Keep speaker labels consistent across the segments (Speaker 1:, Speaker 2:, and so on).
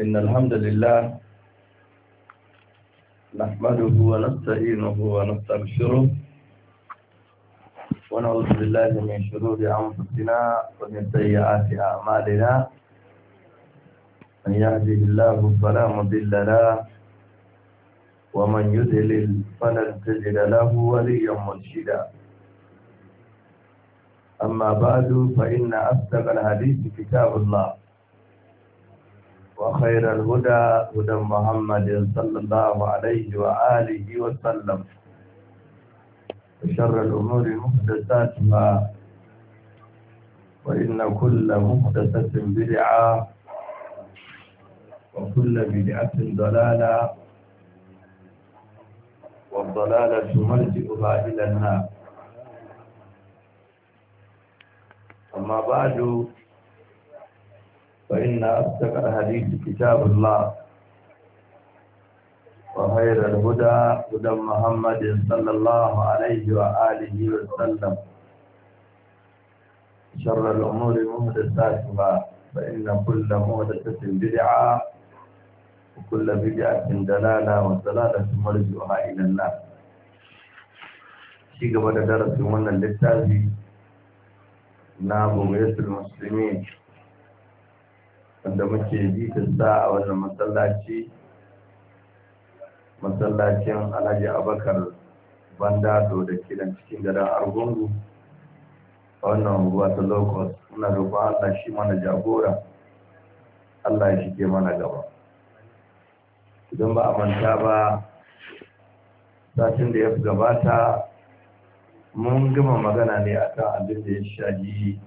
Speaker 1: إن الحمد لله نحمده ونستعينه ونستغفره ونعوذ بالله من شرور أنفسنا ومن سيئات أعمالنا من يهده الله فلا مضل له ومن يذلل فلن تجد له وليا مرشدا أما بعد فإن أصدق الحديث كتاب الله وخير الهدى هدى محمد صلى الله عليه وآله وسلم وشر الأمور محدثاتها وإن كل محدثة بدعة وكل بدعة ضلالة والضلالة ملجئها إلى النار أما بعد فإن أصدق الحديث كتاب الله وخير الهدى هدى محمد صلى الله عليه وآله وسلم شر الأمور محدثاتها فإن كل محدثة بدعة وكل بدعة دلالة والدلالة مرجعها إلى الله شيء قبل درس من التالي نابو المسلمين wanda muke sa a wannan masallaci masallacin alhaji abakar do da ke nan cikin garin argungu a wannan unguwa ta lokos muna roƙon allah shi mana jagora allah ya shige mana gaba idan ba a manta ba satin da ya fi gabata mun gama magana ne akan abin da ya shaji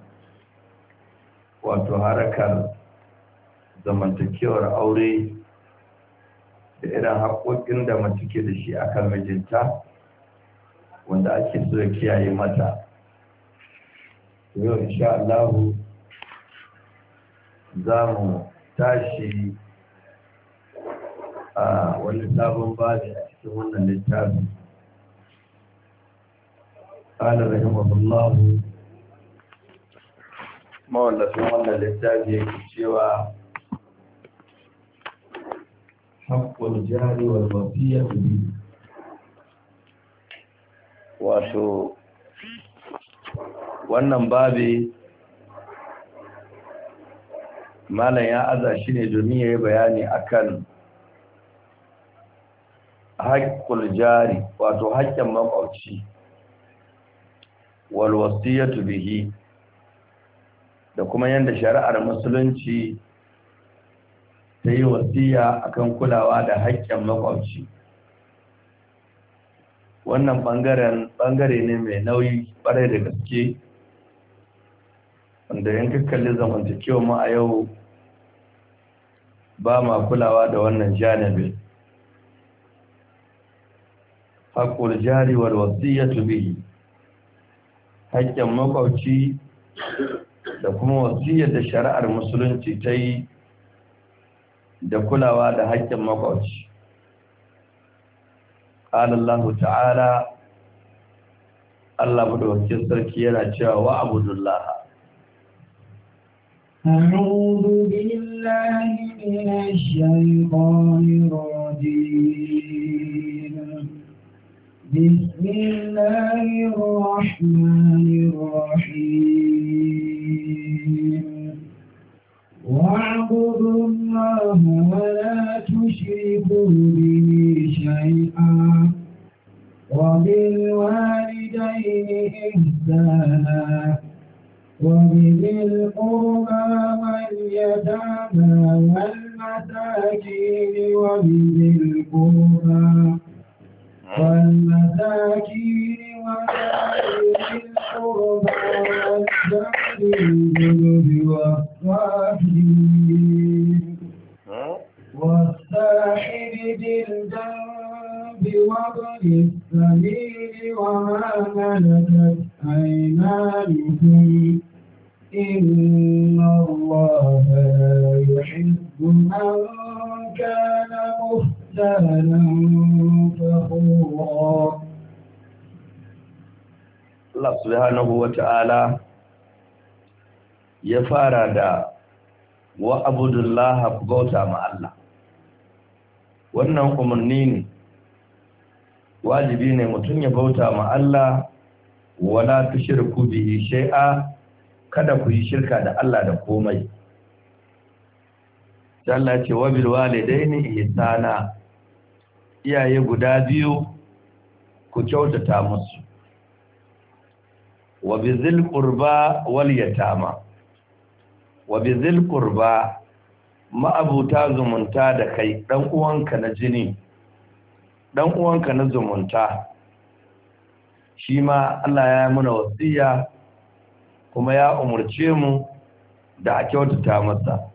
Speaker 1: wato harakar zamantakewar aure da irin haƙoƙin da mace ke da shi akan mijinta wanda ake so kiyaye mata yau insha Allahu za mu tashi a wani sabon bada a cikin wannan littafi قال رحمه الله مولى wannan littafi yake cewa حق الجار به wato wannan babi malam ya aza shi ne domin ya yi bayani akan haƙƙul jari wato haƙƙin makwabci walwasiyatu bihi da kuma yadda shari'ar musulunci ta yi wasiya akan kulawa da haƙƙin makwabci wannan ɓangare bangare ne mai nauyi ɓarai da gaske wanda yankin kalli zamantakewa ma a yau ba ma kulawa da wannan janibin haƙƙul jariwar wasiya ta bihi haƙƙin makwabci da kuma wasiyar da shari'ar musulunci ta yi da kulawa da hakkin makwauci. Ƙala Allah ta'ala, Allah mu da sarki yana cewa wa abudullah.
Speaker 2: أعوذ بالله من بسم الله الرحمن الرحيم واعبدوا الله ولا تشركوا به شيئا وبالوالدين إحسانا وبذي القربى واليتامى والمساكين وبذي القربى والمساكين وذي القربى والجار الجنب والصاحب ذي السبيل وما ملكت إن الله يحب من كان مختالا
Speaker 1: فخورا ya fara da wa abudullaha bauta ma Allah wannan umarni ne wajibi ne mutum ya bauta ma Allah wala tushriku bihi shay'a kada ku yi shirka da Allah da komai Allah ce wa bil walidaini ihsana iyaye guda biyu ku kyautata musu wa bizil qurba wal yatama wa bizil qurba ma'abuta zumunta da kai ɗan uwanka na jini ɗan uwanka na zumunta shi ma Allah ya yi mana wasiya kuma ya umarce mu da a kyautata masa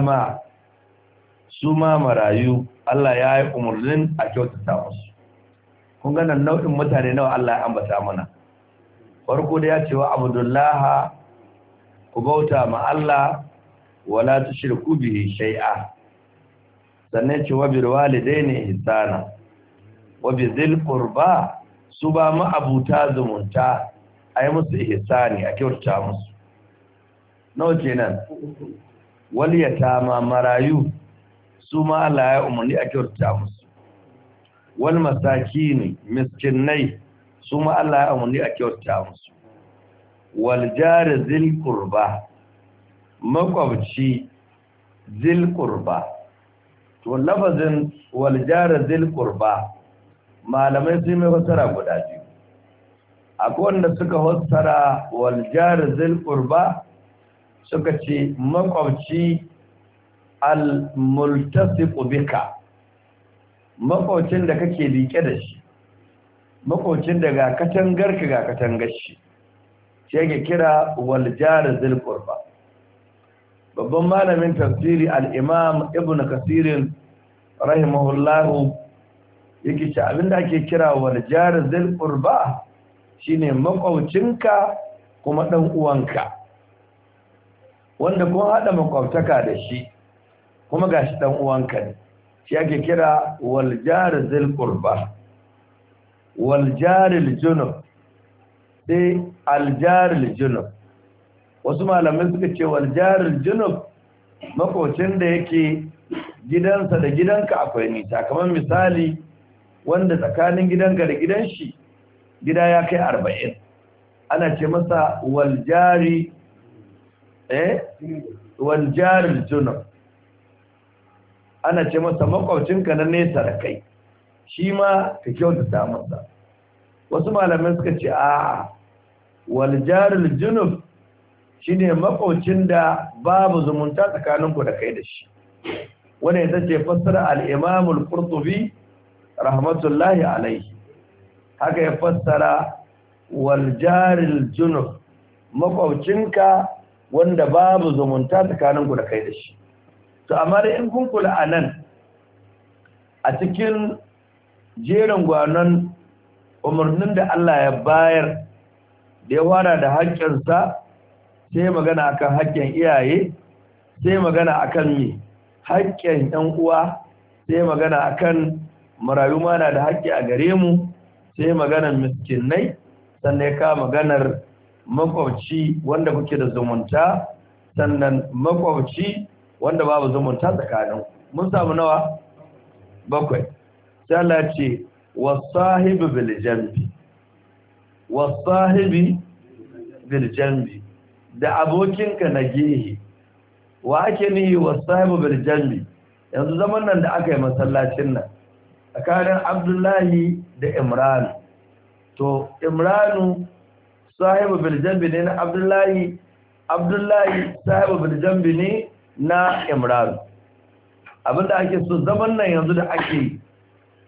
Speaker 1: ma su ma marayu Allah ya yi umarnin a kyautata musu kun nau'in mutane nawa Allah ya ambata mana farko da ya ce wa abdullaha ku bauta ma Allah wala tushriku bihi shay'a sannan ce wa bil walidaini ihsana wa bi dhil qurba su ba ma abuta zumunta ay musu ihsani a kyauta musu wace kenan wal yatama marayu su ma Allah ya umarni a kyauta musu wal masakin miskinai su ma Allah ya umarni a kyauta musu wal jari zil qurba makwabci zilkurba to lafazin waljara zilkurba malamai sun mai fassara guda biyu akwai wanda suka fassara waljara zilkurba suka ce makwabci al multasiqu makwabcin da kake liƙe da shi makwabcin da ga katangar ka ga katangar shi sai kira waljara zilkurba babban malamin tafsiri al-imam ibn kasirin rahimahullahu yake ce abinda ake kira wal jar zal qurba shine makwaucinka kuma dan uwanka wanda kuma haɗa makwautaka da shi kuma gashi dan uwanka ne shi ake kira wal jar zal qurba wal jar junub sai al jar junub wasu malamai suka ce wal jarir junub makocin da yake gidansa da gidanka akwai nisa kamar misali wanda tsakanin gidanka da gidan shi gida ya kai arba'in ana ce masa waljari eh waljarin junub ana ce masa makwacinka na nesa da kai shi ma ka kyautata masa wasu malamai suka ce a waljarin junub shine makocin da babu zumunta tsakaninku da kai da shi wannan ita ce fassara alimamul imam rahmatullahi alaihi, haka ya fassara wal jaril junub makaucinka wanda babu zumunta tsakaninku da kai da shi to amma da in kun kula anan a cikin jerin gwanon umarnin da Allah ya bayar da ya wara da haƙƙinsa sai magana akan haƙƙin iyaye sai magana akan me haƙƙin ɗan uwa sai magana akan marayu na da hakki a gare mu sai maganar miskinai sannan ka maganar makwabci wanda kuke da zumunta sannan makwabci wanda babu zumunta tsakanin mun samu nawa bakwai sai Allah ce wasahibi biljanbi wasahibi biljanbi da abokinka na gehe wa ake ni wa sahibu birjalli yanzu zaman nan da aka yi masallacin nan tsakanin abdullahi da imranu to imranu sahibu birjalli ne na abdullahi abdullahi sahibu birjalli ne na imranu abinda ake so zaman nan yanzu da ake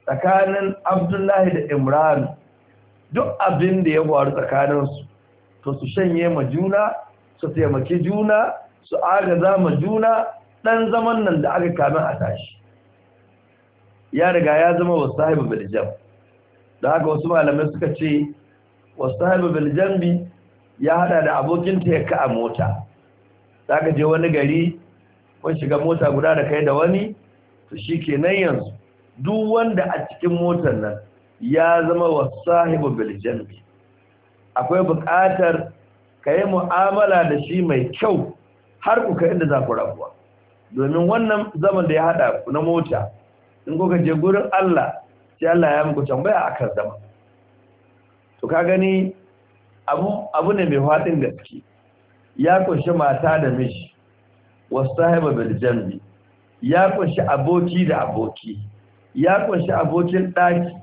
Speaker 1: tsakanin abdullahi da imranu duk abin da ya faru tsakaninsu to su shanye ma juna su taimaki juna su agaza ma juna ɗan zaman nan da aka kamin a tashi ya riga ya zama wasu sahibu biljam da haka wasu malamai suka ce wasu sahibu biljambi ya hada da abokin ya a mota Da je wani gari kun shiga mota guda da kai da wani to shi ke nan yanzu duk wanda a cikin motar nan ya zama wasu sahibu biljambi akwai buƙatar ka yi mu'amala da shi mai kyau har ku kai inda za ku rabuwa domin wannan zaman da ya haɗa ku na mota in kuka je gurin Allah sai Allah ya muku tambaya akan zama to ka gani abu abu ne mai faɗin gaske ya kunshi mata da miji wasu sahiba bil jambi ya kunshi aboki da aboki ya kunshi abokin ɗaki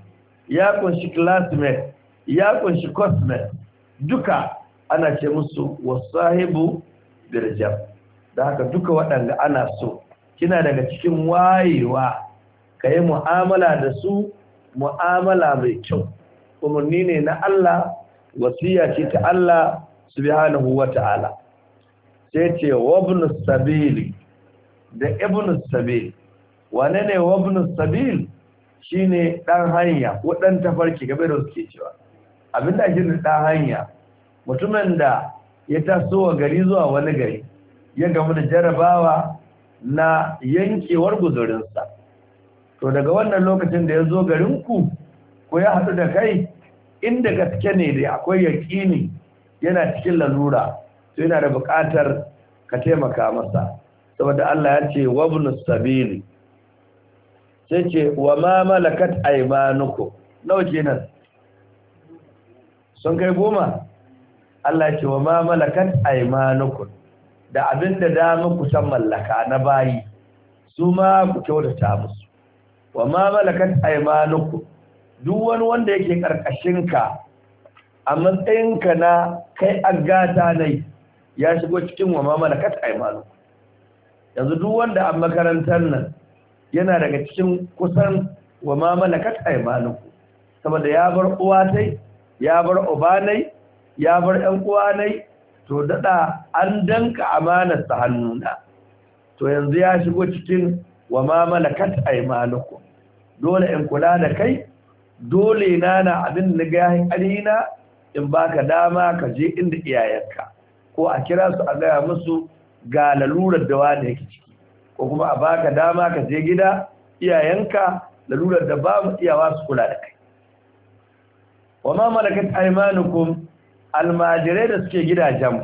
Speaker 1: ya kunshi classmate ya kunshi cosmate duka ana ce musu wasahibu birjam da haka duka waɗanda ana so kina daga cikin wayewa ka yi mu'amala da su mu'amala mai kyau umarni ne na Allah wasiya ce ta Allah subhanahu wata'ala ta'ala sai ce wabnus sabili da ibnus sabil wane ne wabnus sabil shine dan hanya ko dan tafarki gabe da suke cewa abinda shi ne dan hanya mutumin da ya taso wa gari zuwa wani gari ya gamu da jarabawa na yankewar guzurinsa to daga wannan lokacin da ya zo garinku ko ya haɗu da kai inda gaske ne da akwai yaƙini yana cikin lalura to yana da buƙatar ka taimaka masa saboda Allah ya ce wabnu sabili sai ce wa ma malakat aymanukum nawa kenan sun kai goma Allah ce wa ma malakat aymanukum da abin da muku san mallaka na bayi su ma ku kyautata musu wa ma malakat aymanukum duk wani wanda yake karkashin ka a matsayinka na kai agata ne ya shigo cikin wa ma malakat aymanukum yanzu duk wanda a makarantar nan yana daga cikin kusan wa ma malakat aymanukum saboda ya bar uwa tai ya bar uba nai ya bar yan nai, to daɗa an danka amanar ta hannuna to yanzu ya shigo cikin wa ma malakat aymanukum dole in kula da kai dole na na abin da ga alina in baka dama ka je inda iyayenka ko a kira su a gaya musu ga lalurar da wani yake ciki ko kuma a baka dama ka je gida iyayenka lalurar da babu iyawa su kula da kai wa ma malakat aymanukum almajirai da suke gidajen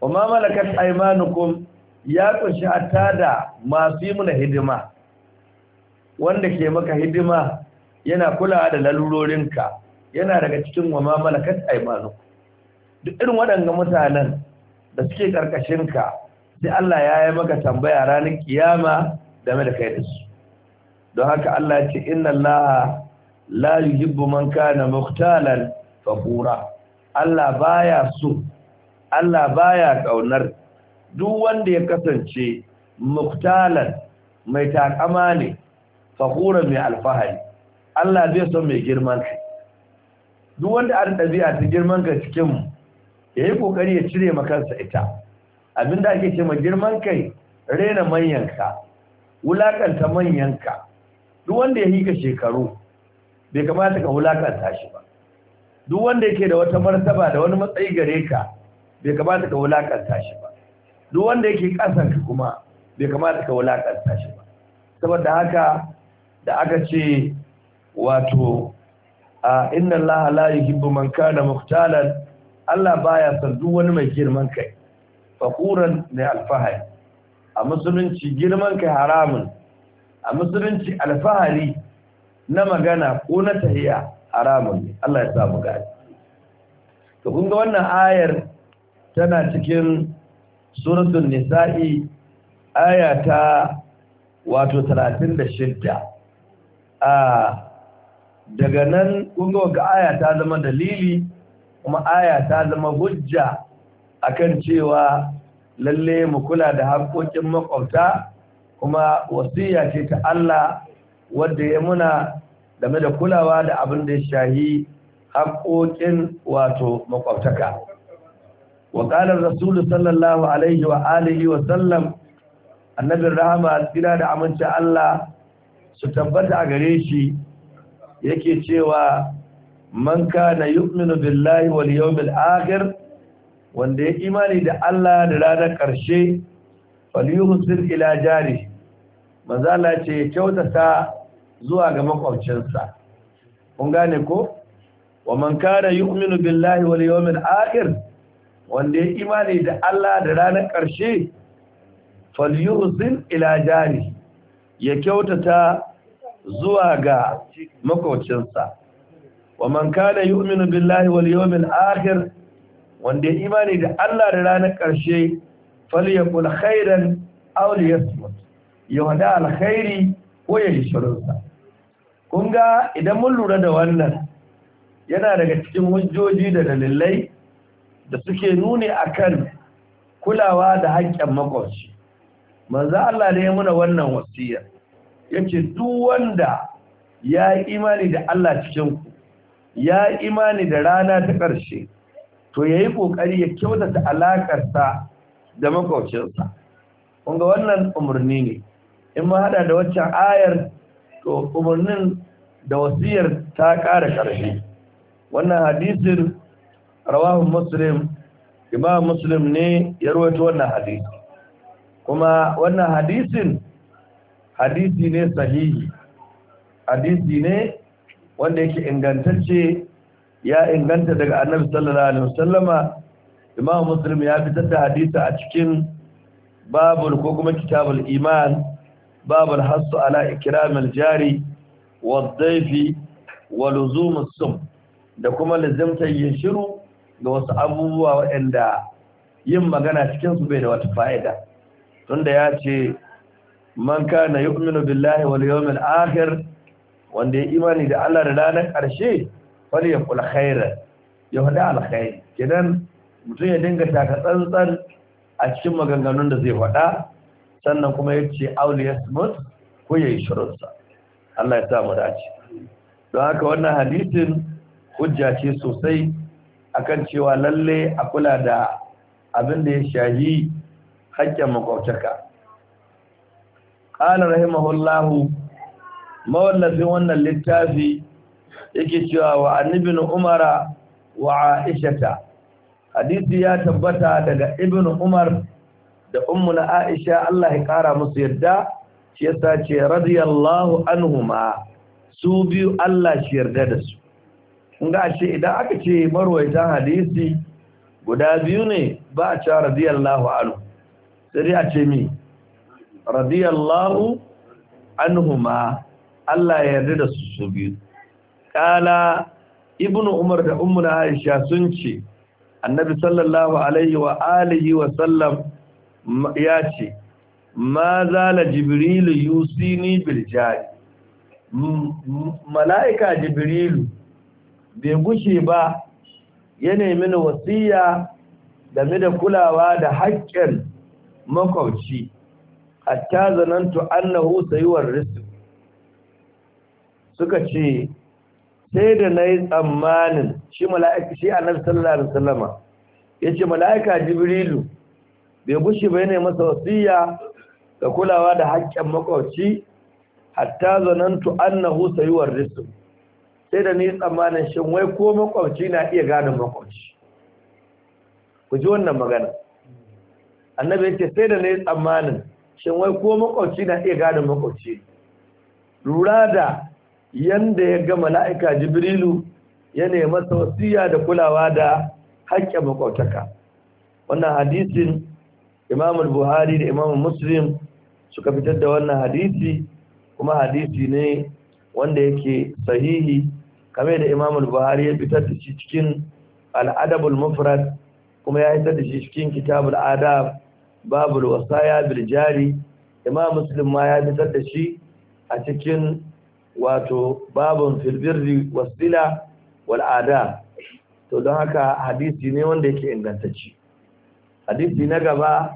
Speaker 1: wa ma malakat ya kunshi hatta da masu yi muna hidima wanda ke maka hidima yana kulawa da lalurorinka yana daga cikin wa ma malakat duk irin waɗannan mutanen da suke ka, sai Allah ya yi maka tambaya ranar kiyama game da kai da su don haka Allah ya ce inna Allah la yuhibbu man kana muhtalan kafura Allah baya so Allah baya ƙaunar. duk wanda ya kasance muktalan mai takama ne fakura mai alfahari Allah zai son mai girman kai duk wanda an ɗabi'a ta girman ka cikin mu ya yi kokari ya cire makansa ita abinda ake ce ma girman kai rena manyanka wulakanta manyanka duk wanda ya hika shekaru bai kamata ka wulakanta shi ba duk wanda yake da wata martaba da wani matsayi gare ka bai kamata ka wulakanta shi ba duk wanda yake kasan ka kuma bai kamata ka wulakanta shi ba saboda haka da aka ce wato a inna Allah la yuhibbu man kana muhtalan Allah baya son duk wani mai girman kai fakuran ne alfahari a musulunci girman kai haramun a musulunci alfahari na magana ko na tahiya haramun Allah ya samu gari. to kun wannan ayar tana cikin suratul nisa'i aya ta wato 36 a daga nan kun ga ga aya ta zama dalili kuma aya ta zama hujja akan cewa lalle mu kula da haƙoƙin makwabta kuma wasiya ce ta Allah wadda ya muna game da kulawa da abin da ya shahi haƙoƙin wato makwabtaka wa qala rasulullahi sallallahu alaihi wa alihi wa sallam annabin rahama tsira da aminci Allah su tabbata a gare shi yake cewa man kana yu'minu billahi wal yawmil akhir wanda ya imani da Allah da ranar ƙarshe yuhsin ila jari mazala ce kyautata zuwa ga makwabcinsa kun gane ko wa man kana yu'minu billahi wal yawmil akhir wanda ya imani da Allah da ranar ƙarshe falyuhsin ila jari ya kyautata zuwa ga makwabcinsa wa man kana yu'minu billahi wal yawmil akhir wanda ya imani da Allah da ranar ƙarshe falyakul khairan aw liyasmut ya wada alkhairi ko ya shirinsa kun ga idan mun lura da wannan yana daga cikin hujjoji da dalilai da suke nuni akan kulawa da haƙƙin makwabci manzo Allah ne ya muna wannan wasiya yace duk wanda ya yi imani da Allah cikin ku ya imani da rana ta ƙarshe to yayi ƙoƙari ya kyautata alaƙarsa da makwabcinsa kun wannan umarni ne in ma hada da waccan ayar to umarnin da wasiyar ta ƙara ƙarfi wannan hadisin rawahun muslim imam muslim ne ya rawaito wannan hadisi kuma wannan hadisin hadisi ne sahihi hadisi ne wanda yake ingantacce ya inganta daga annabi sallallahu alaihi wasallama imam muslim ya fitar da hadisi a cikin babul ko kuma kitabul iman باب hasu ala ikramil jari والضيف ولزوم luzumus sum da kuma lazimta yin shiru ga wasu abubuwa waɗanda yin magana cikin su bai da wata fa'ida tunda ya ce man kana yu'minu billahi wal yawmil akhir wanda ya imani da Allah da ranar ƙarshe ya kula khairan ya faɗi alkhairi kenan mutum ya dinga taka tsantsan a cikin maganganun da zai faɗa sannan kuma ya ce ya smut ko ya yi shirinsa Allah ya samu dace don haka wannan hadisin hujja ce sosai akan cewa lalle a kula da abin da ya shahi haƙƙin makwabtaka ƙalar rahimahullahu mawallafin wannan littafi yake cewa wa annibin umara wa aishata hadisi ya tabbata daga ibn umar da ummuna Aisha Allah ya kara musu yarda shi yasa ce radiyallahu anhuma su biyu Allah shi yarda da su kun ga ashe idan aka ce marwayatan hadisi guda biyu ne ba a ce radiyallahu anhu sai a ce mi radiyallahu anhuma Allah ya yarda da su su biyu kala ibnu umar da ummuna Aisha sun ce annabi sallallahu alaihi wa alihi wa sallam ya ce ma la jibrilu yusini biljari mala'ika jibrilu bai gushe ba ya nemi wasiya game da kulawa da haƙƙin makwabci hatta zanantu annahu sayuwar risu suka ce sai da na yi tsammanin shi mala'ika shi annabi sallallahu alaihi wasallama ya ce mala'ika jibrilu bai bushe ba yana masa wasiya ga kulawa da haƙƙin makwabci hatta zanantu annahu sayuwar risu sai da ni tsammanin shin wai ko makwabci na iya gane makwabci ku ji wannan magana annabi yake sai da ni tsammanin shin wai ko makwabci na iya gane makwabci lura da yanda ya ga mala'ika jibrilu ya masa wasiya da kulawa da haƙƙin makwabtaka wannan hadisin imam al-buhari da imam muslim suka fitar da wannan hadisi kuma hadisi ne wanda yake sahihi kame da imam al-buhari ya fitar da shi cikin al al mufrad kuma ya fitar da shi cikin kitabul adab babul wasaya bil jari imam muslim ma ya fitar da shi a cikin wato babun fil birri wasila wal adab to don haka hadisi ne wanda yake ingantacce hadisi na gaba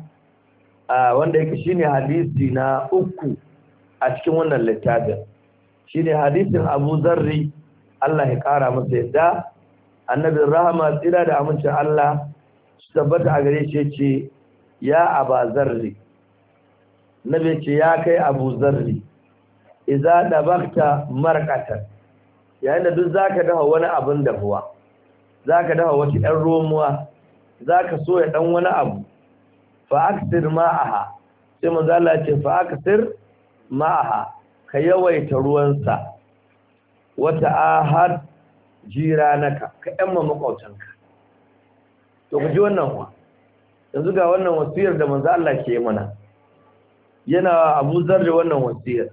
Speaker 1: wanda yake shine hadisi na uku a cikin wannan littafin shine hadisin Abu Zarri Allah ya kara masa yadda annabi rahama tsira da amincin Allah su tabbata a gare shi yace ya Abu Zarri nabi ce ya kai Abu Zarri idza dabakta marqatan yayin da duk zaka dafa wani abin dafuwa zaka dafa wata ɗan romuwa za ka so ya ɗan wani abu fa'aksir ma'aha sai manzala ce fa'aksir ma'aha ka yawaita ruwansa wata ahad jira naka ka ‘yanma makwautanka to ku ji wannan wa yanzu ga wannan wasiyar da manzo Allah ke mana yana abu zarri wannan wasiyar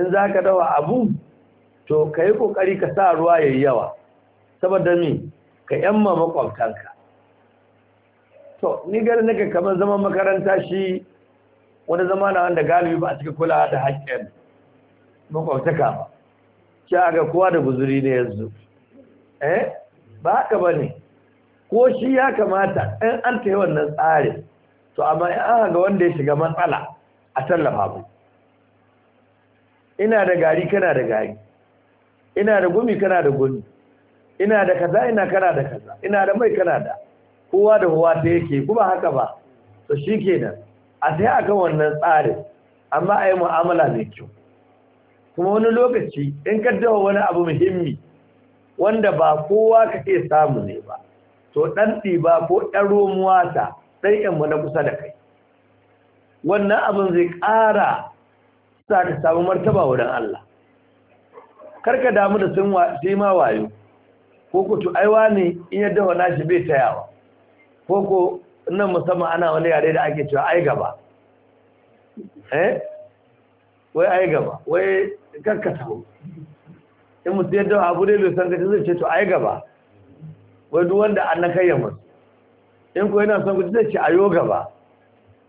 Speaker 1: in za ka dawa abu to ka yi ƙoƙari ka sa ruwa ya yi yawa saboda ni ka ‘yanma makwautanka to ni gari nake kamar zaman makaranta shi wani zama na wanda galibi ba a cika kula da haƙƙin makwabtaka ba shi aga kowa da guzuri ne yanzu eh ba haka ba ne ko shi ya kamata in an ta yi wannan tsarin to amma in an haga wanda ya shiga matsala a tallafa ku ina da gari kana da gari ina da gumi kana da gumi ina da kaza ina kana da kaza ina da mai kana da kowa da kowa ta yake kuma haka ba to shi kenan a sai kan wannan tsarin amma a yi mu'amala mai kyau kuma wani lokaci in ka dawa wani abu muhimmi wanda ba kowa ka ke samu ne ba to ɗan ba ko ɗan romuwa ta ɗan yamma na kusa da kai wannan abin zai ƙara sa ka samu martaba wurin Allah karka damu da sun ma wayo ko kutu aiwa ne in yadda wa nashi bai tayawa ko ko nan musamman ana wani yare da ake cewa ai gaba eh wai ai gaba wai karkata hu in mutum yadda abu ne bai san kace zai ce to ai gaba wai duk wanda an na kai yamma in ko yana son kuɗi zai ce ayo gaba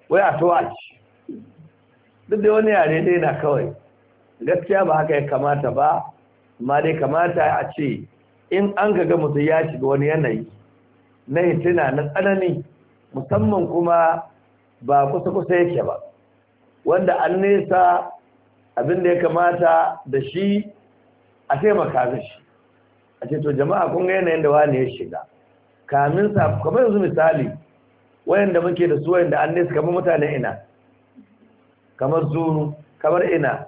Speaker 1: wai a to a ci duk da wani yare dai na kawai gaskiya ba haka ya kamata ba amma dai kamata a ce in an ga mutu ya shiga wani yanayi na hitina na tsanani musamman kuma ba kusa-kusa yake ba wanda an nesa abin da ya kamata da shi a taimaka shi, a ce to jama'a kun ga yanayin da wani ya shiga kamin sa kamar yanzu misali wayanda muke da su wayanda an nesa kamar mutane ina kamar zuru kamar ina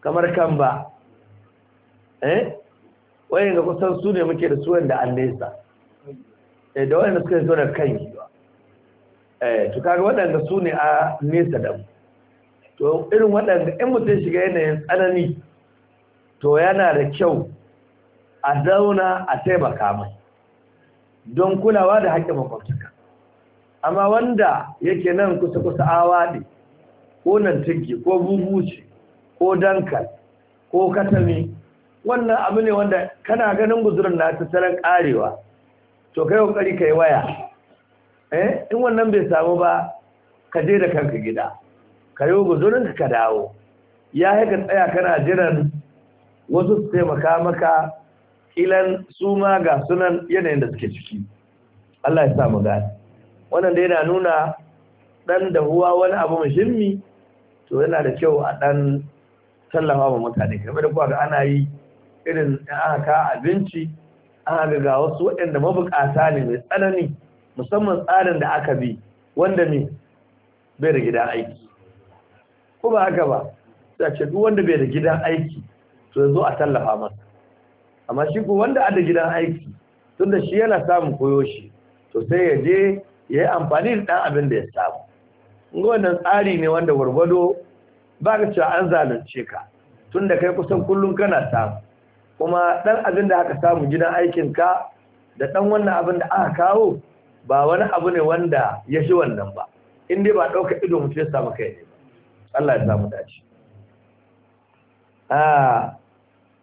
Speaker 1: kamar kamba eh wayanda kusan su ne muke da su wayanda an nesa Eh, da waɗanda suka zo da kan yi ba eh, to kaga waɗanda su ne a nesa da mu to irin waɗanda in mutum shiga yanayin tsanani to yana da kyau a zauna a taimaka mai don kulawa da haƙƙin makwabtaka amma wanda yake nan kusa-kusa awa ne ko nan ko bubuci ko dankal ko katami wannan abu ne wanda kana ganin guzurin na tattalin ƙarewa to kai kokari kai waya eh in wannan bai samu ba ka je da kanka gida ka yi guzurin ka dawo ya haika tsaya kana jiran wasu su taimaka maka ilan su ma ga sunan yanayin da suke ciki Allah ya samu gani wannan da yana nuna dan da huwa wani abu muhimmi to yana da kyau a dan tallafa wa mutane kamar da kuwa ga ana yi irin aka abinci aka ga wasu waɗanda mabukata ne mai tsanani musamman tsarin da aka bi wanda ne bai da gidan aiki ko ba haka ba sai ce duk wanda bai da gidan aiki to yanzu a tallafa masa amma shi ko wanda a da gidan aiki tun da shi yana samun koyo shi to sai ya je ya yi amfani da ɗan abin da ya samu ga wannan tsari ne wanda gwargwado ba ka cewa an zalunce ka da kai kusan kullum kana samu kuma ɗan abin da aka samu gidan aikinka da ɗan wannan abin da aka kawo ba wani abu ne wanda ya shi wannan ba in dai ba ɗauka ido mutu ya samu kai ne Allah ya samu dace ah,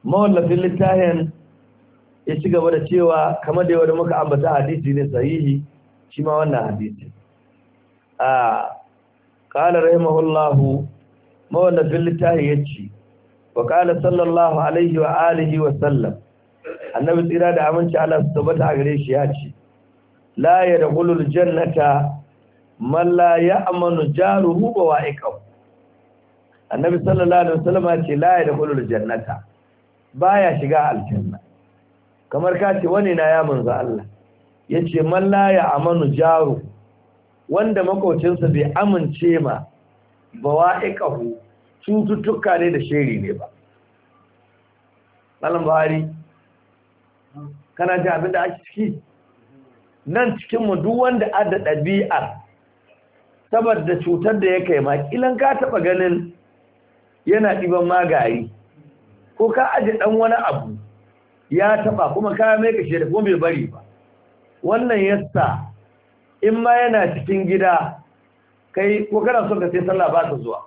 Speaker 1: mawallafin littafin ya ci gaba da cewa kamar da yawa da muka ambata hadisi ne sahihi shi ma wannan hadisi a ah, ƙala rahimahullahu mawallafin littafi ya ce wa qala sallallahu alaihi wa alihi wa sallam annabi tsira da aminci Allah su tabbata a gare shi ya ce jannata man la ya'manu jaruhu wa wa'iqahu annabi sallallahu alaihi wasallam ya ce la yadkhulul jannata baya shiga aljanna kamar ka wani na ya manzo Allah yace man la ya'manu jaruhu wanda makocinsa bai amince ma bawa'iqahu cututtuka ne da shiri ne ba malam buhari kana ji abin da ake ciki nan cikinmu duk wanda adda ɗabi'ar saboda cutar da ya kai ma ka taɓa ganin yana ɗiban magari ko ka aje ɗan wani abu ya taɓa kuma ka mai kashe da kuma bai bari ba wannan yasa in ma yana cikin gida kai ko kana son ka sai sallah ba ta zuwa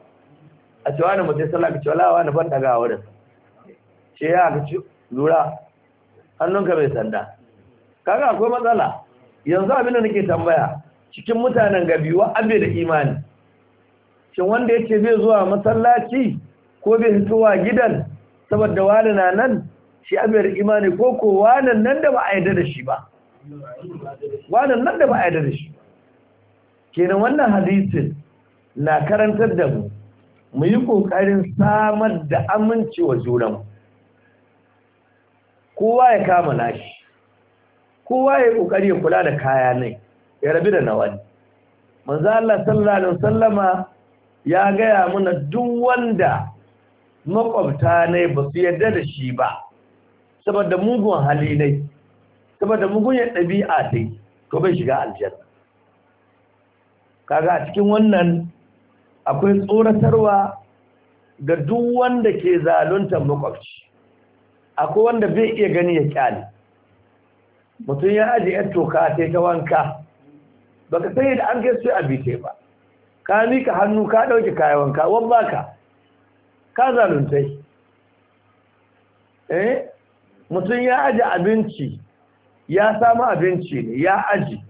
Speaker 1: a cewa ne mutai sallah ka cewa wala wani ban daga wurin ce ya ka ci lura hannunka mai sanda kaga akwai matsala yanzu abin da nake tambaya cikin mutanen gabi wa abe da imani shin wanda yake bai zuwa masallaci ko bai fitowa gidan saboda wani na nan shi abe da imani ko ko wani nan da ba a yadda da shi ba wani nan da ba a yadda da shi kenan wannan hadisin na karantar da mu mu yi ƙoƙarin samar da amincewa junan kowa ya kama nashi kowa ya ƙoƙari ya kula da kaya ne ya rabi da nawani manzo Allah sallallahu alaihi ya gaya mana duk wanda makwabta ne ba su yarda da shi ba saboda mugun hali ne saboda mugun ya ɗabi'a dai to bai shiga aljanna kaga a cikin wannan akwai tsoratarwa ga duk wanda ke zalunta makwabci akwai wanda bai iya gani ya kyale mutum ya aji yan toka ta ta wanka baka sani da an kai su a bite ba ka mika hannu ka ɗauke kayan wanka wan baka ka zaluntai eh mutum ya aji abinci ya samu abinci ne ya aji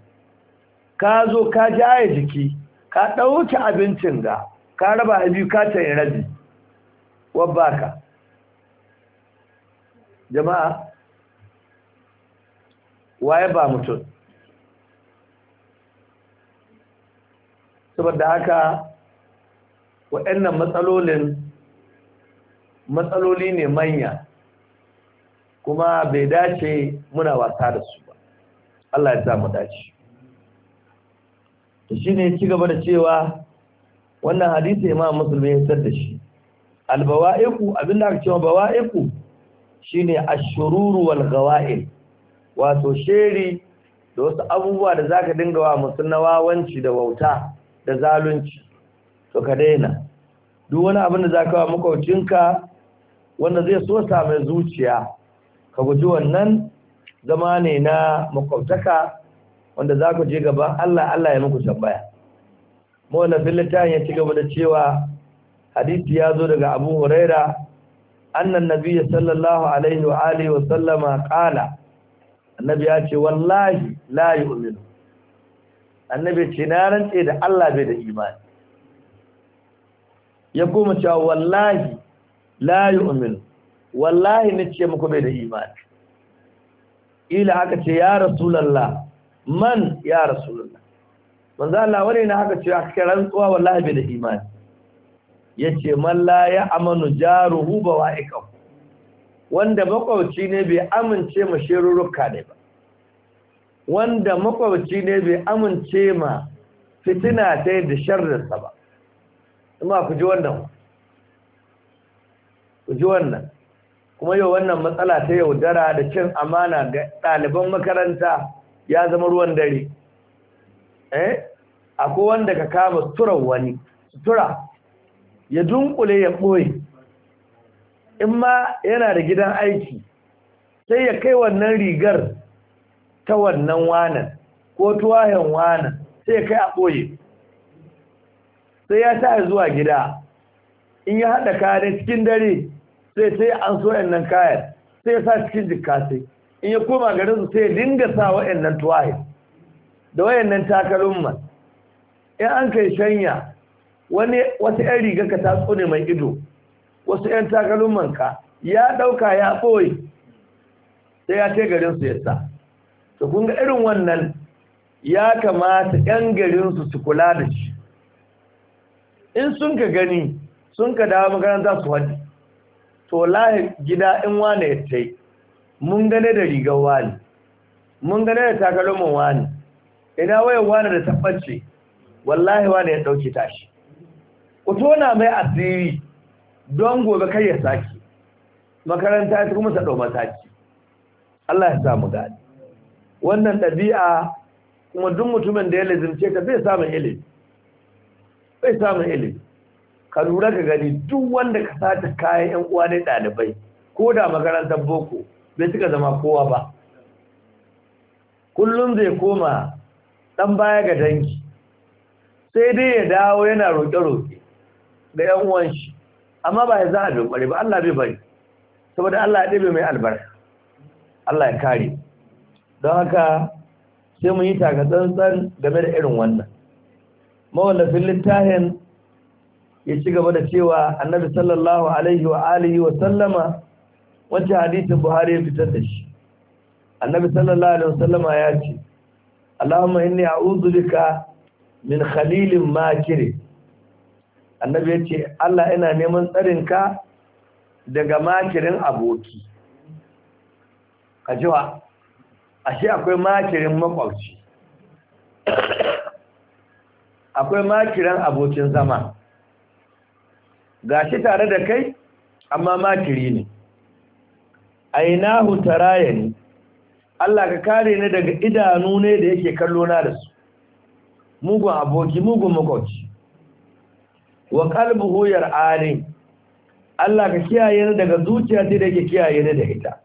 Speaker 1: ka zo ka jaye jiki ka ɗauki abincin ga ka raba a biyu ka wabba ka jama'a waye ba mutum saboda haka waɗannan matsalolin matsaloli ne manya kuma bai dace muna wasa da su ba Allah ya sa mu dace to shine ci gaba da cewa wannan hadisi imam musulmi ya da shi albawa'iku abinda aka cewa bawa'iku shine ashururu wal gawa'il wato sheri da wasu abubuwa da zaka dinga wa wawanci da wauta da zalunci to ka daina duk wani abin da zaka wa makaucinka wanda zai so sa mai zuciya ka guji wannan zama ne na makwabtaka. wanda za ku je gaba Allah Allah ya muku tambaya mu wannan ya ci gaba da cewa hadisi ya zo daga Abu Huraira annan nabiyyi sallallahu alaihi wa alihi wa sallama qala annabi ya ce wallahi la yu'minu annabi ce na rantse da Allah bai da imani ya kuma cewa wallahi la yu'minu wallahi ce muku bai da imani ila haka ce ya rasulullah man ya rasulullah manzo Allah wani na haka cewa kake rantsuwa wallahi bai da imani yace man la ya amanu jaruhu bawa'iqahu wanda makwabci ne bai amince ma shirurruka ne ba wanda makwabci ne bai amince ma fitina ta da sharrinsa ba kuma ku ji wannan ku ji wannan kuma yau wannan matsala ta yaudara da cin amana ga ɗaliban makaranta ya zama ruwan dare eh akwai wanda ka kama suturar wani sutura ya dunkule ya ɓoye in ma yana da gidan aiki sai ya kai wannan rigar ta wannan wanan ko tuwayen wanan sai ya kai a boye sai ya sa zuwa gida in ya haɗa kayan cikin dare sai sai an so nan kayan sai ya sa cikin jikka in ya koma garin su sai ya dinga sa wa'annan tuwaye da wayannan takalumman in an kai shanya wani wasu 'yan riga ka ta tsone mai ido wasu 'yan takalumman ka ya ɗauka ya ɓoye sai ya ce garin su sa to kun ga irin wannan ya kamata 'yan garin su su kula da shi in sun ka gani sun ka dawo makaranta su wani to lahi gida in wane ya tai mun gane da rigar wani mun gane da takalmin wani ina wayan wani da tabbace wallahi wani ya dauke tashi ku tona mai asiri don gobe kai ya saki makaranta ta kuma sa dau saki Allah ya samu gani wannan ɗabi'a kuma duk mutumin da ya lazimce ka zai samu ilimi zai samu ilimi ka lura ka gani duk wanda ka sata kayan 'yan uwa ne ɗalibai ko da makarantar boko bai suka zama kowa ba kullum zai koma ɗan baya ga danki. sai dai ya dawo yana roƙe-roƙe da ‘yan uwanshi amma ba ya za a dubbare ba Allah bai bari saboda Allah ya ɗabe mai albarka Allah ya kare don haka sai mu yi taka tsantsan game da irin wannan mawallafin littafin ya ci gaba da cewa annabi sallallahu alaihi wa alihi wa sallama wacce hadisin buhari ya fitar da shi annabi sallallahu alaihi wasallam ya ce allahumma inni a'udhu bika min khalilin makir annabi ya ce allah ina neman tsarinka daga makirin aboki kajiwa ashe akwai makirin makwabci akwai makirin abokin zama gashi tare da kai amma makiri ne ainahu tarayani Allah ka kare ni daga idanu ne da yake kallo na da su mugun aboki mugun makwabci wa qalbuhu yar'ani Allah ka kiyaye ni daga zuciya ce da yake kiyaye ni da ita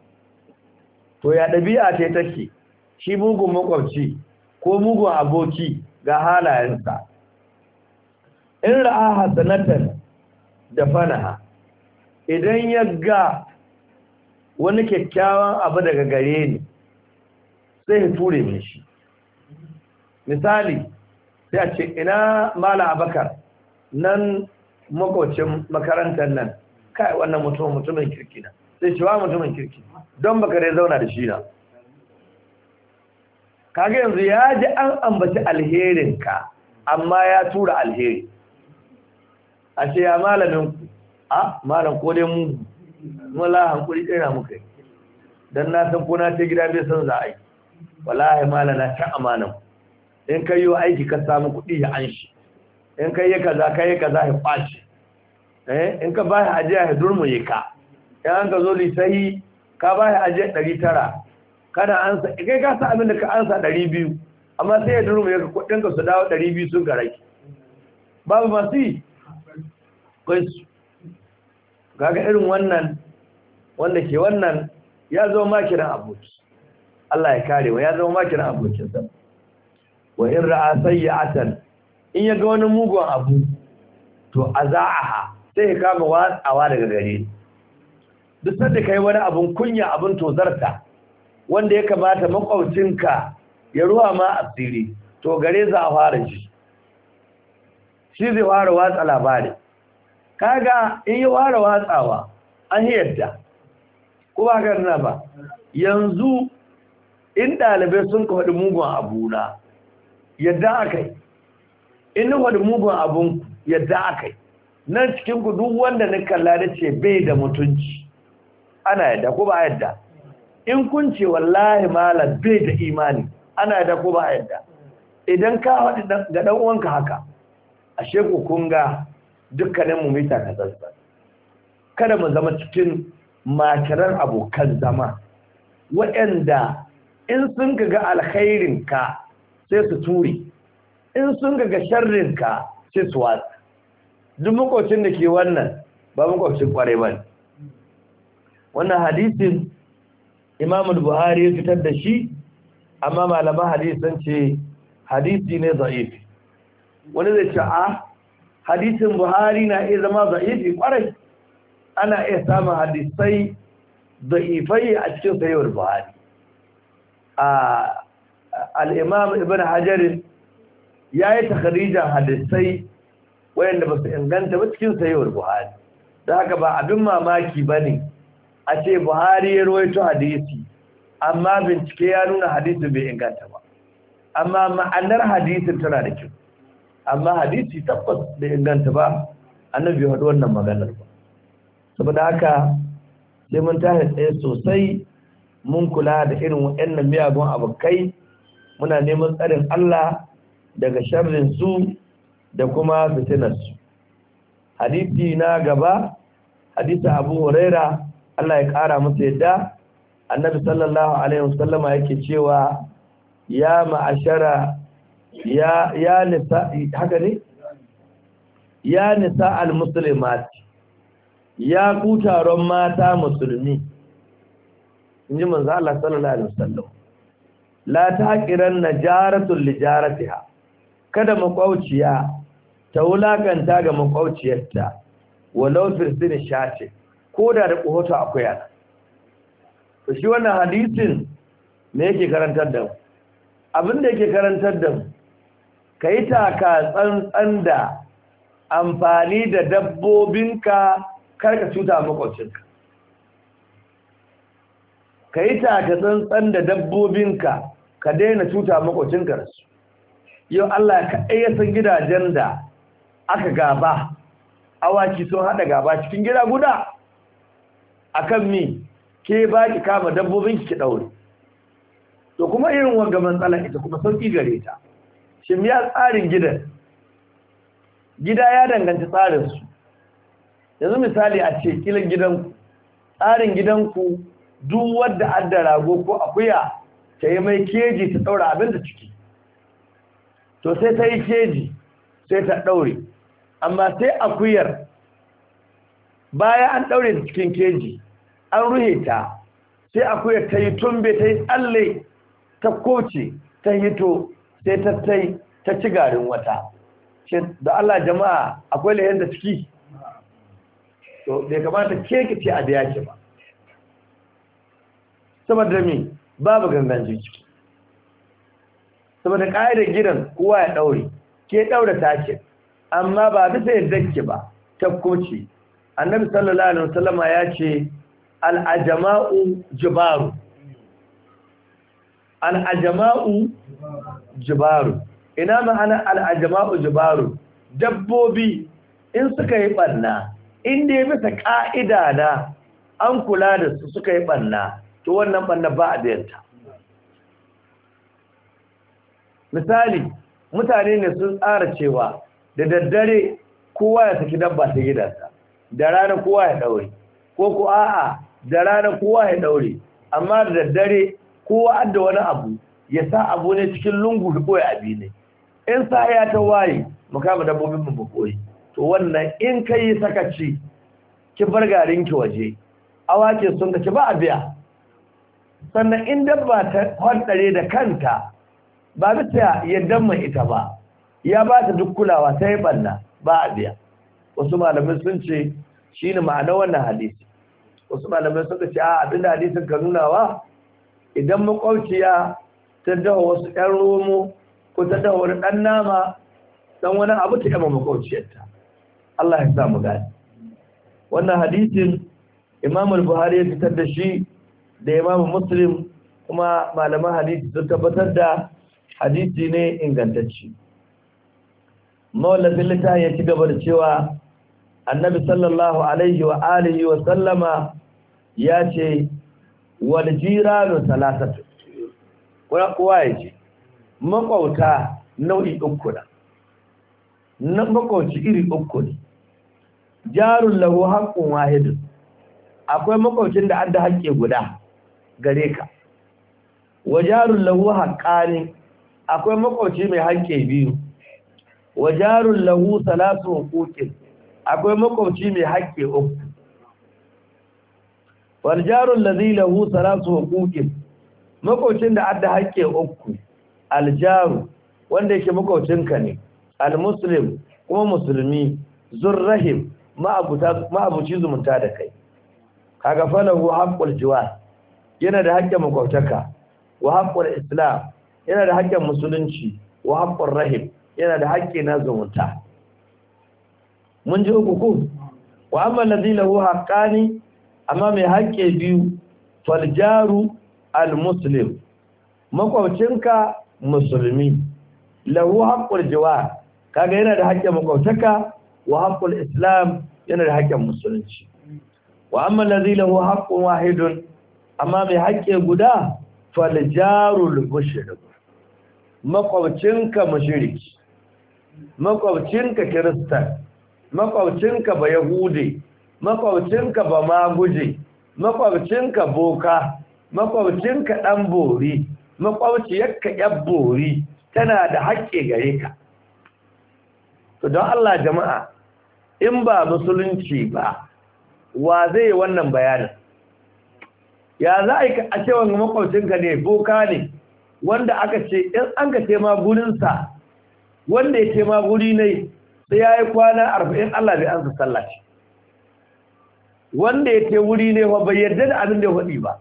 Speaker 1: to ya dabi'a ce take shi mugun makwabci ko mugun aboki ga halayensa in ra'a hasanatan da fanaha idan ya ga wani kyakkyawan abu daga gare ni sai ya ture mai shi misali sai a ce ina mala abakar nan makwacin makarantar nan kai wannan mutum mutumin kirki na sai shi wa mutumin kirki don baka dai zauna da shi na kaga yanzu ya ji an ambaci alherinka amma ya tura alheri a ce ya malamin a ah, malam ko dai mugu mala hankuri na muka yi dan na san ko na ce gida bai san za a yi wallahi mala na ta amana in kai yo aiki ka samu kuɗi ya an shi in kai ya kaza kai ya kaza ya kwace eh in ka ba ajiya ya yi ka an ka zo lisahi ka ba ajiya 900 kana ansa kai ka sa abin da ka ansa 200 amma sai ya durmu ya kuɗin ka su dawo 200 sun ga rage babu masu yi Gaga irin wannan wanda ke wannan ya zama makirin aboki Allah ya kare wa ya zama makirin abokinsa wa in ra'a sayyatan in ya ga wani mugun abu to azaha sai ya kama watsawa daga gare duk sanda kai wani abun kunya abun tozarta wanda ya kamata makwaucinka ya ruwa ma asiri to gare za a fara ji shi zai fara watsa labarin. kaga in yi ware watsawa an yadda ko ba garna ba yanzu in ɗalibai sun ka faɗi mugun abuna yadda aka yi in ka faɗi mugun abun yadda aka yi nan cikin ku duk wanda na kalla da ce bai da mutunci ana yadda ko ba yadda in kun ce wallahi malam bai da imani ana yadda ko ba yadda idan ka faɗi ga ɗan uwanka haka ashe ku kun ga dukkanin mu mita ka zasta kada mu zama cikin matarar abokan zama waɗanda in sun ga alkhairin ka sai su turi in sun gaga sharrin ka sai su watsa duk makwacin da ke wannan ba makwacin kwarai ba wannan hadisin imam buhari ya fitar da shi amma malaman hadisan ce hadisi ne za'ifi wani zai ce a ah, hadisin buhari na iya zama za'ifi kwarai ana iya samun hadisai za'ifai a cikin sayowar buhari a al'imam ibn hajarin ya yi takarijan hadisai wayanda ba su inganta ba cikin sayowar buhari da haka ba abin mamaki ba ne a ce buhari ya rawaito hadisi amma bincike ya nuna hadisin bai inganta ba amma ma'anar hadisin tana da kyau amma hadisi tabbas da inganta ba annabi hadu wannan maganar ba saboda haka sai mun tashi tsaye sosai mun kula da irin wa'annan miyagun abokai muna neman tsarin Allah daga sharrin su da kuma fitinar su hadisi na gaba hadisi Abu Huraira Allah ya kara masa yadda annabi sallallahu alaihi wasallama yake cewa ya ma'ashara ya nisa haka ne ya nisa al-muslimat ya ku taron mata musulmi ji manzo Allah sallallahu alaihi wasallam la taqiran najaratul lijaratiha kada makwauciya ta wulakanta ga makwauciyarta walau firsin shace ko da da kohoto akwai yana to shi wannan hadisin me yake karantar da abin da yake karantar da mu ka yi taka tsantsan da amfani da dabbobinka karka cuta makwacinka ka yi taka tsantsan da dabbobinka ka daina cuta makwacinka da su yau Allah ka san gidajen da aka gaba awaki sun haɗa gaba cikin gida guda akan mi ke ba ki kama dabbobinki ki ɗaure to kuma irin wanga matsala ita kuma sauƙi gare ta shi miya tsarin gidan gida ya danganci tsarinsu yanzu misali a ce kilin gidanku tsarin gidanku duk wadda adda rago ko akuya ta yi mai keji ta daura abin da ciki to sai ta yi keji sai ta ɗaure amma sai akuyar baya an ɗaure ta cikin keji an ruhe ta sai akuyar ta yi tumbe ta yi tsalle ta koce ta hito sai ta tai ta ci garin wata da Allah jama'a akwai layin da ciki to bai kamata ke ki ce a da yake ba saboda me babu gangan ciki saboda ƙa'idar gidan kowa ya ɗaure ke ɗaure take amma ba bisa yadda ke ba ta koce annabi sallallahu alaihi wasallam ya ce ajma'u jibaru ajma'u jibaru ina ma'ana al'ajama'u jibaru dabbobi in suka yi ɓanna inda ya bisa ƙa'ida na an kula da su suka yi ɓanna to wannan ɓanna ba a dayanta misali mutane ne sun tsara cewa da daddare kowa ya saki dabba ta gidansa da rana kowa ya ɗaure ko ku a'a da rana kowa ya ɗaure amma da daddare kowa adda wani abu ya sa abu ne cikin lungu shi koya abi ne in sa ya ta waye mu kama dabbobin mu ba koyi to wannan in kai sakaci ki bar garin ki waje awake sun ka ki ba a sannan in dabba ta hantare da kanta ba ta yadda mai ita ba ya ba ta duk kulawa sai banna. balla ba a biya wasu malamai sun ce shi ne ma'ana wannan hadisi wasu malamai sun ce a da hadisin ka nunawa idan ya. ta dawa wasu yan romo ko ta wani ɗan nama don wani abu ta yamma makauciyarta Allah ya samu gani wannan hadisin Imam buhari ya fitar da shi da Imam Muslim kuma malaman hadisi sun tabbatar da hadisi ne ingantacci. mawallafin littafin ya ci gaba da cewa Annabi sallallahu alaihi wa alihi wa sallama ya ce wal jiranu talatatu wani kowa ya ji makwauta nau'i uku na na makwauci iri uku ne jarun lahu haƙƙun wahidu akwai makwaucin da adda haƙƙe guda gare ka wa jarun lahu haƙƙani akwai makwauci mai haƙƙe biyu wa jarun lahu salatu hukukin akwai makwauci mai haƙƙe uku wa jarun lazi lahu salatu hukukin makocin da adda haƙƙe uku aljaru wanda yake ka ne almuslim kuma musulmi zurrahim ma'abuci zumunta da kai kaga falahu haqqul jiwar yana da haƙƙin makwabtaka wa haqqul islam yana da haƙƙin musulunci wa haqqul rahim yana da haƙƙi na zumunta mun ji uku ku wa amma ladhi lahu haqqani amma mai haƙƙe biyu faljaru al-muslim makwabcinka musulmi lahu haqqul jawar kaga yana da haƙƙin makwabtaka wa haqqul islam yana da haƙƙin musulunci wa amma lahu haqqun wahidun amma mai haƙƙi guda fal jarul mushrik makwabcinka mushriki makwabcinka kirista makwabcinka ba yahudi makwabcinka ba maguje makwabcinka boka makwabcinka ɗan bori makwabciyarka ƴan bori tana da haƙƙi gare ka to don Allah jama'a in ba musulunci ba wa zai yi wannan bayanin ya za a ce wanga makwabcinka ne boka ne wanda aka ce in an ka ce ma wanda ya ce ma ne sai ya yi kwana arba'in Allah bai su sallaci wanda ya ce wuri ne ba bai yarda da abin da ya faɗi ba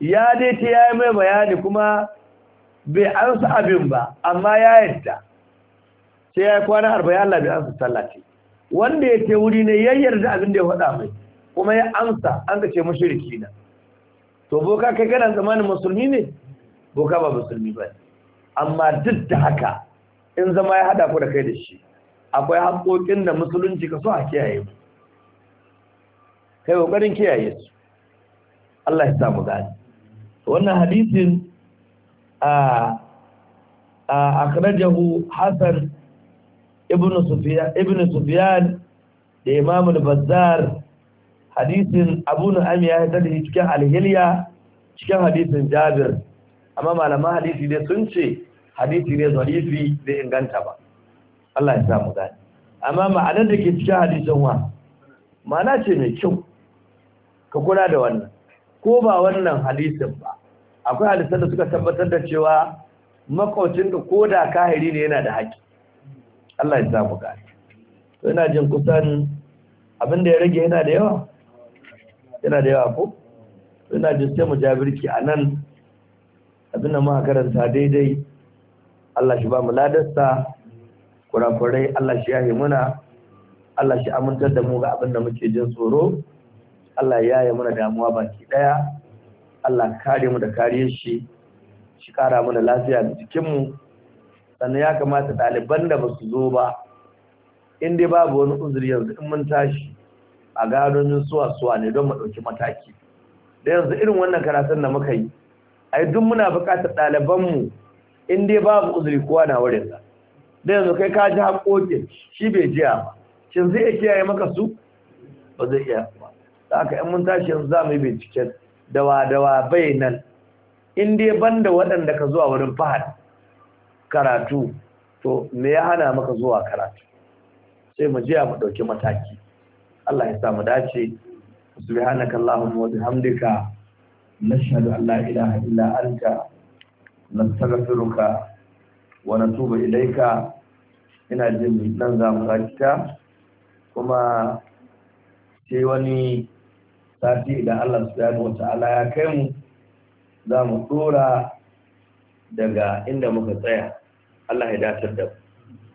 Speaker 1: ya dai ta ya yi mai bayani kuma bai ansa abin ba amma ya yadda sai ya yi kwana harba ya labi ansa sallah wanda ya ce wuri ne ya yarda abin da ya faɗa mai kuma ya amsa an ka ce mashiriki na to boka kai gana zamanin musulmi ne boka ba musulmi ba amma duk da haka in zama ya hada ku da kai da shi akwai haƙoƙin da musulunci ka so a kiyaye mu kai ƙoƙarin kiyaye su Allah ya samu gani wannan hadisin a akhrajahu hasan ibn sufyan sufyan da imam al-bazzar hadisin abu nu'aym ya hada da cikin al-hilya cikin hadisin jabir amma malaman hadisi ne sun ce hadisi ne zarifi da inganta ba Allah ya samu gani amma ma'anar da ke cikin hadisin wa ma'ana ce mai kyau ka kula da wannan ko ba wannan hadisin ba akwai hadisan da suka tabbatar da cewa makaucin da ko da kahiri ne yana da haƙi Allah ya samu gani to yana jin kusan abin da ya rage yana da yawa yana da yawa ko Yana jin sai mu jabirki a nan abin da muka karanta daidai Allah shi ba mu ladarsa kurakurai Allah shi yahi muna Allah shi amintar da mu ga abin da muke jin tsoro Allah ya yi mana damuwa baki ɗaya. Allah kare mu da kariyar shi shi kara mana lafiya da jikinmu sannan ya kamata ɗaliban da basu zo ba in dai babu wani uzuri yanzu in mun tashi a gano suwa suwa ne don mu ɗauki mataki da yanzu irin wannan karatun da muka yi ai duk muna buƙatar ɗalibanmu in dai babu uzuri kowa na wurin sa da yanzu kai ka ji haƙoƙin shi bai jiya ba shin zai iya kiyaye maka su ba zai iya da aka yan mun tashi yanzu za mu yi binciken dawa-dawa bai nan in dai da waɗanda ka zuwa wurin fahad karatu to me ya hana maka zuwa karatu sai mu je mu ɗauki mataki Allah ya mu dace subhanaka allahumma wa bihamdika nashhadu an la ilaha illa anta nastaghfiruka wa natubu ilayka ina jin nan za mu kuma sai wani sati idan Allah subhanahu wata'ala ya kai mu za mu dora daga inda muka tsaya Allah ya datar da mu